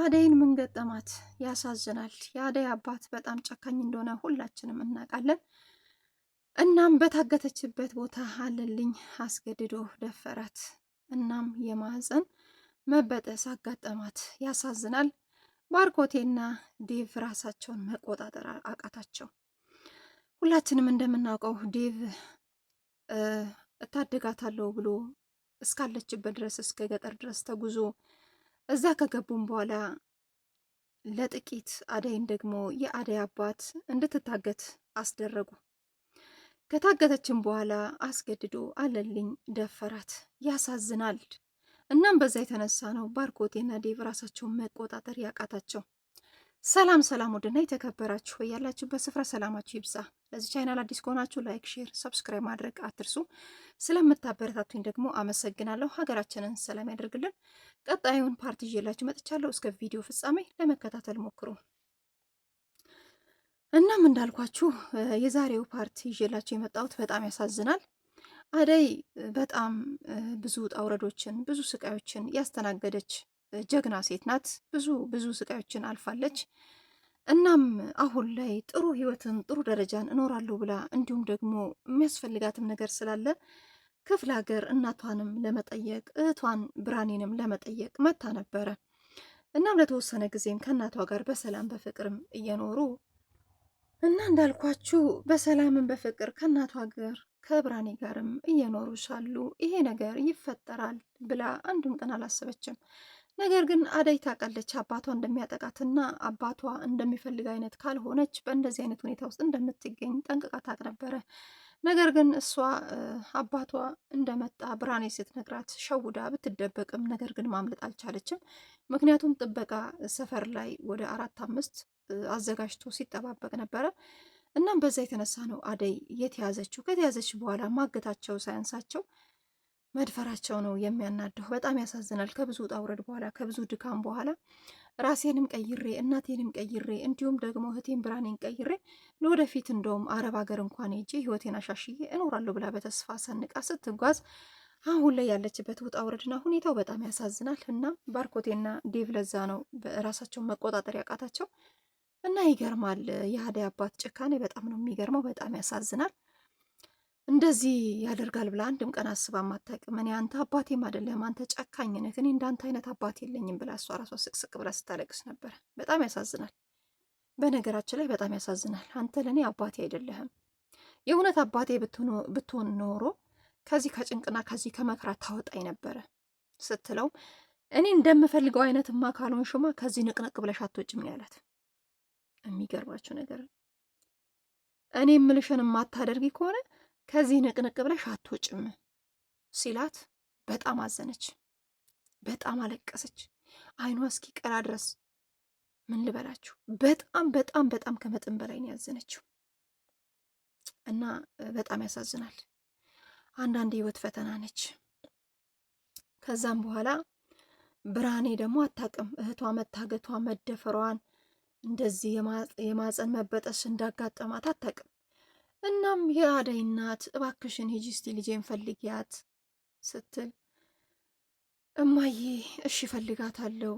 አደይን ምን ገጠማት? ያሳዝናል። የአደይ አባት በጣም ጨካኝ እንደሆነ ሁላችንም እናውቃለን። እናም በታገተችበት ቦታ አለልኝ አስገድዶ ደፈራት። እናም የማህፀን መበጠስ አጋጠማት። ያሳዝናል። ባርኮቴና ዴቭ ራሳቸውን መቆጣጠር አቃታቸው። ሁላችንም እንደምናውቀው ዴቭ እታደጋታለሁ ብሎ እስካለችበት ድረስ እስከ ገጠር ድረስ ተጉዞ እዛ ከገቡም በኋላ ለጥቂት አደይን ደግሞ የአደይ አባት እንድትታገት አስደረጉ። ከታገተችም በኋላ አስገድዶ አለልኝ ደፈራት። ያሳዝናል። እናም በዛ የተነሳ ነው ባርኮቴና ዴቭ ራሳቸውን መቆጣጠር ያቃታቸው። ሰላም ሰላም፣ ውድና የተከበራችሁ ያላችሁበት ስፍራ ሰላማችሁ ይብዛ። ለዚህ ቻይናል አዲስ ከሆናችሁ ላይክ፣ ሼር፣ ሰብስክራይብ ማድረግ አትርሱ። ስለምታበረታቱኝ ደግሞ አመሰግናለሁ። ሀገራችንን ሰላም ያደርግልን። ቀጣዩን ፓርቲ ይዤላችሁ መጥቻለሁ። እስከ ቪዲዮ ፍጻሜ ለመከታተል ሞክሩ። እናም እንዳልኳችሁ የዛሬው ፓርቲ ይዤላችሁ የመጣሁት በጣም ያሳዝናል። አደይ በጣም ብዙ ውጣ ውረዶችን ብዙ ስቃዮችን ያስተናገደች ጀግና ሴት ናት። ብዙ ብዙ ስቃዮችን አልፋለች። እናም አሁን ላይ ጥሩ ህይወትን ጥሩ ደረጃን እኖራለሁ ብላ እንዲሁም ደግሞ የሚያስፈልጋትም ነገር ስላለ ክፍለ ሀገር እናቷንም ለመጠየቅ እህቷን ብራኔንም ለመጠየቅ መታ ነበረ። እናም ለተወሰነ ጊዜም ከእናቷ ጋር በሰላም በፍቅርም እየኖሩ እና እንዳልኳችሁ በሰላምን በፍቅር ከእናቷ ጋር ከብራኔ ጋርም እየኖሩ ሳሉ ይሄ ነገር ይፈጠራል ብላ አንድም ቀን አላሰበችም። ነገር ግን አደይ ታውቃለች አባቷ እንደሚያጠቃትና አባቷ እንደሚፈልግ አይነት ካልሆነች በእንደዚህ አይነት ሁኔታ ውስጥ እንደምትገኝ ጠንቅቃ ታውቅ ነበረ። ነገር ግን እሷ አባቷ እንደመጣ ብርሃኔ ስትነግራት ሸውዳ ብትደበቅም ነገር ግን ማምለጥ አልቻለችም። ምክንያቱም ጥበቃ ሰፈር ላይ ወደ አራት አምስት አዘጋጅቶ ሲጠባበቅ ነበረ። እናም በዛ የተነሳ ነው አደይ የተያዘችው። ከተያዘች በኋላ ማገታቸው ሳያንሳቸው መድፈራቸው ነው የሚያናደው። በጣም ያሳዝናል። ከብዙ ውጣ ውረድ በኋላ ከብዙ ድካም በኋላ ራሴንም ቀይሬ እናቴንም ቀይሬ እንዲሁም ደግሞ እህቴን ብራኔን ቀይሬ ለወደፊት እንደውም አረብ ሀገር እንኳን ሄጄ ህይወቴን አሻሽዬ እኖራለሁ ብላ በተስፋ ሰንቃ ስትጓዝ አሁን ላይ ያለችበት ውጣ ውረድና ሁኔታው በጣም ያሳዝናል። እና ባርኮቴና ዴቭ ለዛ ነው ራሳቸውን መቆጣጠር ያቃታቸው እና ይገርማል። የአደይ አባት ጭካኔ በጣም ነው የሚገርመው። በጣም ያሳዝናል። እንደዚህ ያደርጋል ብላ አንድም ቀን አስባም አታውቅም። እኔ አንተ አባቴም አይደለም አንተ ጨካኝ ነህ፣ እኔ እንዳንተ አይነት አባት የለኝም ብላ እሷ ራሷ ስቅስቅ ብላ ስታለቅስ ነበረ። በጣም ያሳዝናል። በነገራችን ላይ በጣም ያሳዝናል። አንተ ለእኔ አባቴ አይደለህም። የእውነት አባቴ ብትሆን ኖሮ ከዚህ ከጭንቅና ከዚህ ከመከራ ታወጣኝ ነበረ ስትለው እኔ እንደምፈልገው አይነትማ ካልሆን ሽማ ከዚህ ንቅንቅ ብለሽ አትወጭም ያላት። የሚገርማችሁ ነገር እኔ የምልሽን የማታደርጊ ከሆነ ከዚህ ንቅንቅ ብለሽ አትወጭም ሲላት በጣም አዘነች፣ በጣም አለቀሰች። አይኗ እስኪ ቀራ ድረስ ምን ልበላችሁ፣ በጣም በጣም በጣም ከመጠን በላይ ነው ያዘነችው እና በጣም ያሳዝናል። አንዳንድ ህይወት ፈተና ነች። ከዛም በኋላ ብርሃኔ ደግሞ አታውቅም እህቷ መታገቷ መደፈሯን እንደዚህ የማፀን መበጠስ እንዳጋጠማት አታውቅም። እናም የአደይ እናት እባክሽን ሂጂ እስቲ ልጄን ፈልጊያት ስትል እማዬ እሺ እፈልጋታለሁ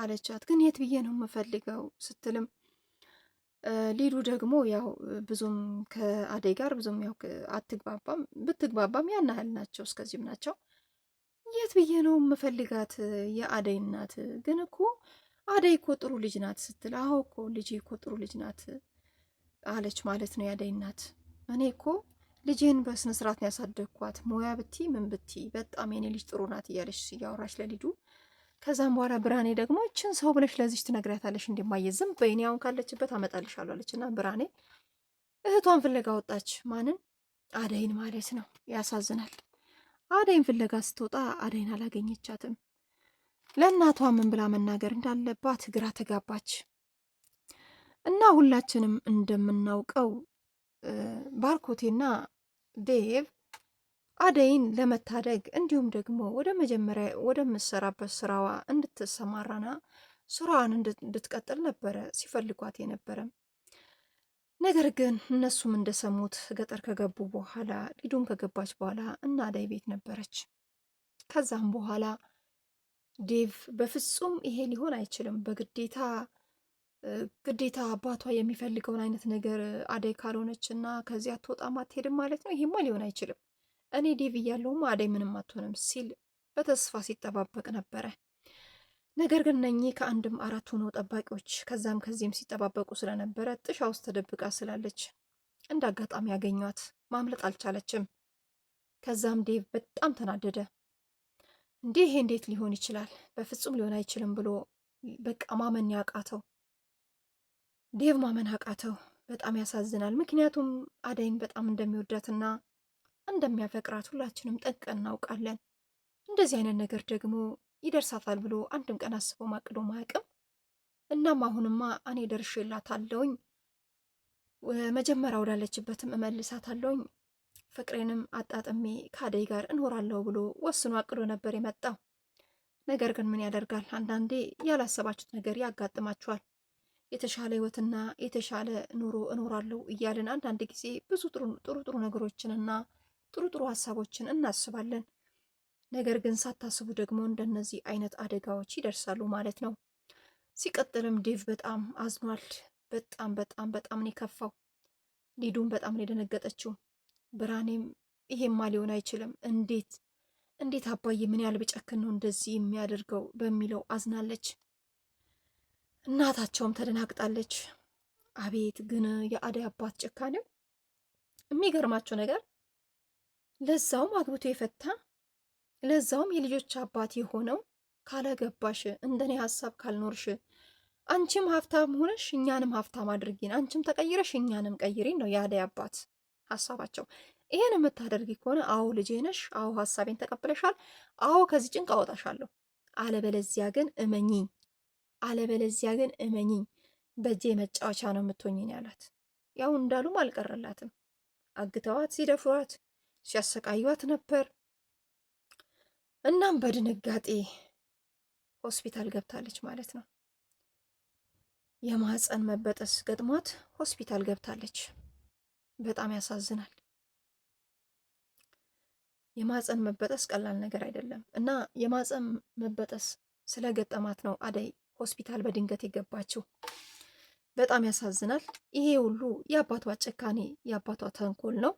አለቻት። ግን የት ብዬ ነው የምፈልገው ስትልም ሊዱ ደግሞ ያው ብዙም ከአደይ ጋር ብዙም ያው አትግባባም፣ ብትግባባም ያን ያህል ናቸው፣ እስከዚህም ናቸው። የት ብዬ ነው የምፈልጋት የአደይ እናት ግን እኮ አደይ እኮ ጥሩ ልጅ ናት ስትል አሁ እኮ ልጅ እኮ ጥሩ ልጅ ናት አለች ማለት ነው ያደይ እናት። እኔ እኮ ልጅህን በስነ ስርዓት ያሳደግኳት፣ ሙያ ብቲ ምን ብቲ በጣም የኔ ልጅ ጥሩ ናት እያለች እያወራች ለልጁ። ከዛም በኋላ ብርሃኔ ደግሞ እችን ሰው ብለሽ ለዚች ትነግሪያታለሽ እንዲማየዝም በይኔ አሁን ካለችበት አመጣልሻለሁ አለች እና ብራኔ እህቷን ፍለጋ ወጣች። ማንን? አደይን ማለት ነው። ያሳዝናል። አደይን ፍለጋ ስትወጣ አደይን አላገኘቻትም። ለእናቷ ምን ብላ መናገር እንዳለባት ግራ ተጋባች። እና ሁላችንም እንደምናውቀው ባርኮቴና ዴቭ አደይን ለመታደግ እንዲሁም ደግሞ ወደ መጀመሪያ ወደምትሰራበት ስራዋ እንድትሰማራና ስራዋን እንድትቀጥል ነበረ ሲፈልጓት የነበረ። ነገር ግን እነሱም እንደሰሙት ገጠር ከገቡ በኋላ ሊዱም ከገባች በኋላ እና አደይ ቤት ነበረች። ከዛም በኋላ ዴቭ በፍጹም ይሄ ሊሆን አይችልም፣ በግዴታ ግዴታ አባቷ የሚፈልገውን አይነት ነገር አደይ ካልሆነች እና ከዚህ አትወጣም አትሄድም ማለት ነው። ይህማ ሊሆን አይችልም። እኔ ዴቭ እያለሁም አደይ ምንም አትሆንም ሲል በተስፋ ሲጠባበቅ ነበረ። ነገር ግን እነኚህ ከአንድም አራት ሆነው ጠባቂዎች ከዛም ከዚህም ሲጠባበቁ ስለነበረ ጥሻ ውስጥ ተደብቃ ስላለች እንደ አጋጣሚ ያገኟት፣ ማምለጥ አልቻለችም። ከዛም ዴቭ በጣም ተናደደ። እንዲህ ይሄ እንዴት ሊሆን ይችላል? በፍጹም ሊሆን አይችልም ብሎ በቃ ማመን ያቃተው ዴቭ ማመን አቃተው። በጣም ያሳዝናል። ምክንያቱም አደይን በጣም እንደሚወዳትና እንደሚያፈቅራት ሁላችንም ጠንቅቀን እናውቃለን። እንደዚህ አይነት ነገር ደግሞ ይደርሳታል ብሎ አንድም ቀን አስቦ ማቅዶ ማያውቅም። እናም አሁንማ እኔ ደርሼላታለሁኝ፣ መጀመሪያ ወዳለችበትም እመልሳታለሁኝ፣ ፍቅሬንም አጣጥሜ ከአደይ ጋር እኖራለሁ ብሎ ወስኖ አቅዶ ነበር የመጣው። ነገር ግን ምን ያደርጋል፣ አንዳንዴ ያላሰባችሁት ነገር ያጋጥማችኋል። የተሻለ ህይወትና የተሻለ ኑሮ እኖራለሁ እያልን አንዳንድ ጊዜ ብዙ ጥሩ ጥሩ ነገሮችንና ጥሩ ጥሩ ሀሳቦችን እናስባለን። ነገር ግን ሳታስቡ ደግሞ እንደነዚህ አይነት አደጋዎች ይደርሳሉ ማለት ነው። ሲቀጥልም ዴቭ በጣም አዝኗል። በጣም በጣም በጣም ነው የከፋው። ሊዱም በጣም ነው የደነገጠችው። ብራኔም ይሄማ ሊሆን አይችልም፣ እንዴት እንዴት አባዬ ምን ያህል ብጨክን ነው እንደዚህ የሚያደርገው በሚለው አዝናለች። እናታቸውም ተደናግጣለች። አቤት ግን የአደይ አባት ጭካኔው! የሚገርማቸው ነገር ለዛውም አግብቶ የፈታ ለዛውም የልጆች አባት የሆነው ካለገባሽ እንደኔ ሀሳብ ካልኖርሽ አንቺም ሀብታም ሆነሽ እኛንም ሀብታም አድርጊን፣ አንቺም ተቀይረሽ እኛንም ቀይሪን ነው የአደይ አባት ሀሳባቸው። ይሄን የምታደርጊ ከሆነ አዎ ልጄ ነሽ፣ አዎ ሀሳቤን ተቀብለሻል፣ አዎ ከዚህ ጭንቅ አወጣሻለሁ። አለበለዚያ ግን እመኚኝ አለበለዚያ ግን እመኝኝ በእጄ መጫወቻ ነው የምትሆኝን ያላት። ያው እንዳሉም አልቀረላትም። አግተዋት ሲደፍሯት ሲያሰቃዩት ነበር። እናም በድንጋጤ ሆስፒታል ገብታለች ማለት ነው። የማህፀን መበጠስ ገጥሟት ሆስፒታል ገብታለች። በጣም ያሳዝናል። የማህፀን መበጠስ ቀላል ነገር አይደለም እና የማህፀን መበጠስ ስለገጠማት ነው አደይ ሆስፒታል በድንገት የገባችው። በጣም ያሳዝናል። ይሄ ሁሉ የአባቷ ጭካኔ የአባቷ ተንኮል ነው።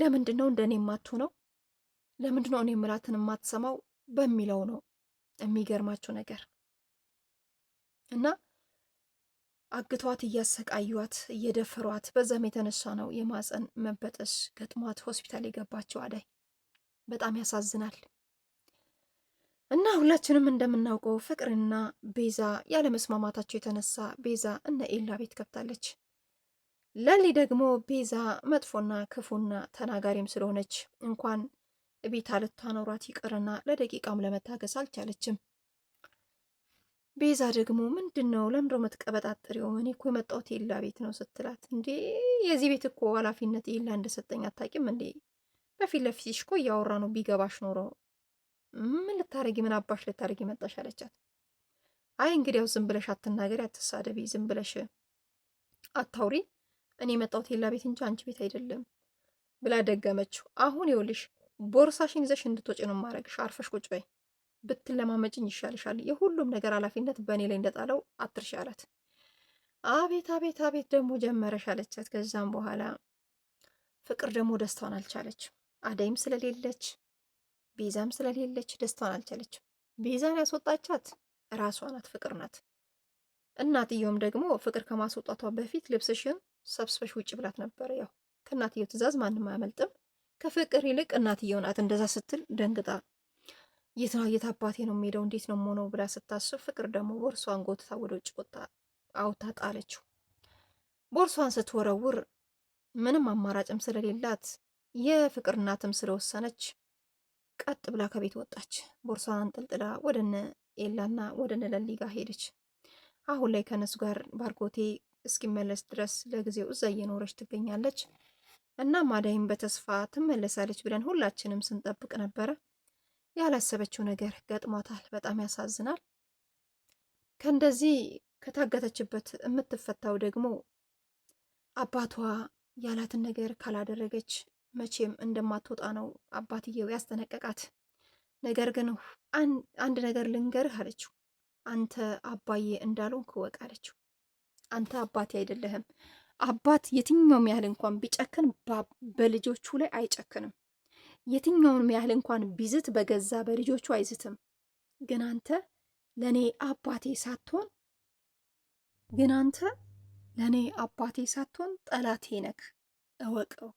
ለምንድን ነው እንደኔ የማትሆነው? ለምንድን ነው እኔ ምላትን የማትሰማው በሚለው ነው የሚገርማችሁ ነገር እና አግቷት እያሰቃዩት እየደፈሯት፣ በዛም የተነሳ ነው የማፀን መበጠስ ገጥሟት ሆስፒታል የገባችው አዳይ። በጣም ያሳዝናል። እና ሁላችንም እንደምናውቀው ፍቅርና ቤዛ ያለመስማማታቸው የተነሳ ቤዛ እነ ኤላ ቤት ገብታለች። ለሊ ደግሞ ቤዛ መጥፎና ክፉና ተናጋሪም ስለሆነች እንኳን ቤታ ልታኖራት ይቅርና ለደቂቃም ለመታገስ አልቻለችም። ቤዛ ደግሞ ምንድን ነው ለምዶ የምትቀበጣጥሪው? እኔ እኮ የመጣሁት ኤላ ቤት ነው ስትላት፣ እንዴ የዚህ ቤት እኮ ኃላፊነት ኤላ እንደሰጠኝ አታውቂም እንዴ? በፊት ለፊትሽ እኮ እያወራ ነው ቢገባሽ ኖሮ ምን ልታረጊ ምን አባሽ ልታረጊ መጣሽ አለቻት። አይ ያው ዝም ብለሽ አትናገሪ፣ አትሳደቢ፣ ዝም ብለሽ አታውሪ። እኔ የመጣሁት ሌላ ቤት እንጂ አንቺ ቤት አይደለም ብላ ደገመችው። አሁን ይኸውልሽ ቦርሳሽን ይዘሽ እንድትወጪ ነው ማረግሽ። አርፈሽ ቁጭ በይ፣ ብትለማመጭኝ ይሻልሻል። የሁሉም ነገር ኃላፊነት በእኔ ላይ እንደጣለው አትርሽ አላት። አቤት አቤት አቤት ደግሞ ጀመረሽ አለቻት። ከዛም በኋላ ፍቅር ደግሞ ደስታውን አልቻለች። አደይም ስለሌለች ቤዛም ስለሌለች ደስታዋን አልቻለችም። ቤዛን ያስወጣቻት ራሷ ናት፣ ፍቅር ናት። እናትየውም ደግሞ ፍቅር ከማስወጣቷ በፊት ልብስሽን ሰብስበሽ ውጭ ብላት ነበር። ያው ከእናትየው ትእዛዝ ማንም አያመልጥም። ከፍቅር ይልቅ እናትየው ናት። እንደዛ ስትል ደንግጣ የት ነው የት አባቴ ነው የሚሄደው እንዴት ነው የምሆነው ብላ ስታስብ፣ ፍቅር ደግሞ ቦርሷን ጎትታ ወደ ውጭ ወጣ አውታ ጣለችው። ቦርሷን ስትወረውር ምንም አማራጭም ስለሌላት የፍቅር እናትም ስለወሰነች ቀጥ ብላ ከቤት ወጣች። ቦርሳዋን አንጠልጥላ ወደነ ኤላና ወደነ ለሊ ጋር ሄደች። አሁን ላይ ከነሱ ጋር ባርኮቴ እስኪመለስ ድረስ ለጊዜው እዛ እየኖረች ትገኛለች። እናም አዳይም በተስፋ ትመለሳለች ብለን ሁላችንም ስንጠብቅ ነበረ። ያላሰበችው ነገር ገጥሟታል። በጣም ያሳዝናል። ከእንደዚህ ከታገተችበት የምትፈታው ደግሞ አባቷ ያላትን ነገር ካላደረገች መቼም እንደማትወጣ ነው አባትየው ያስጠነቀቃት። ነገር ግን አንድ ነገር ልንገርህ አለችው። አንተ አባዬ እንዳልሆንክ እወቅ አለችው። አንተ አባቴ አይደለህም። አባት የትኛውም ያህል እንኳን ቢጨክን በልጆቹ ላይ አይጨክንም። የትኛውንም ያህል እንኳን ቢዝት በገዛ በልጆቹ አይዝትም። ግን አንተ ለእኔ አባቴ ሳትሆን ግን አንተ ለእኔ አባቴ ሳትሆን ጠላቴ ነክ እወቀው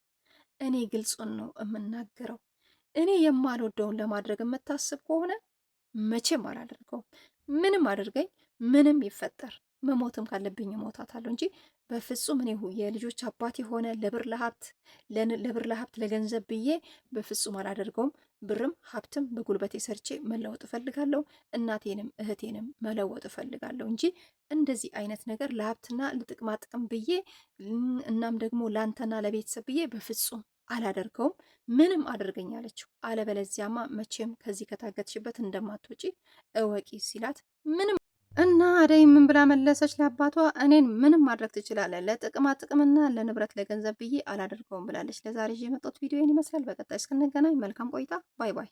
እኔ ግልጹን ነው የምናገረው። እኔ የማልወደውን ለማድረግ የምታስብ ከሆነ መቼም አላደርገውም። ምንም አድርገኝ፣ ምንም ይፈጠር፣ መሞትም ካለብኝ እሞታታለሁ እንጂ በፍጹም እኔ የልጆች አባት የሆነ ለብር ለሀብት ለብር ለሀብት ለገንዘብ ብዬ በፍጹም አላደርገውም። ብርም ሀብትም በጉልበቴ ሰርቼ መለወጥ እፈልጋለሁ። እናቴንም እህቴንም መለወጥ እፈልጋለሁ እንጂ እንደዚህ አይነት ነገር ለሀብትና ለጥቅማ ጥቅም ብዬ እናም ደግሞ ለአንተና ለቤተሰብ ብዬ በፍጹም አላደርገውም። ምንም አድርገኝ አለበለዚያማ መቼም ከዚህ ከታገትሽበት እንደማትወጪ እወቂ ሲላት ምንም እና አደይ ምን ብላ መለሰች ለአባቷ? እኔን ምንም ማድረግ ትችላለህ፣ ለጥቅማ ጥቅምና ለንብረት ለገንዘብ ብዬ አላደርገውም ብላለች። ለዛሬ ይዤ የመጣሁት ቪዲዮ ይህን ይመስላል። በቀጣይ እስክንገናኝ መልካም ቆይታ። ባይ ባይ።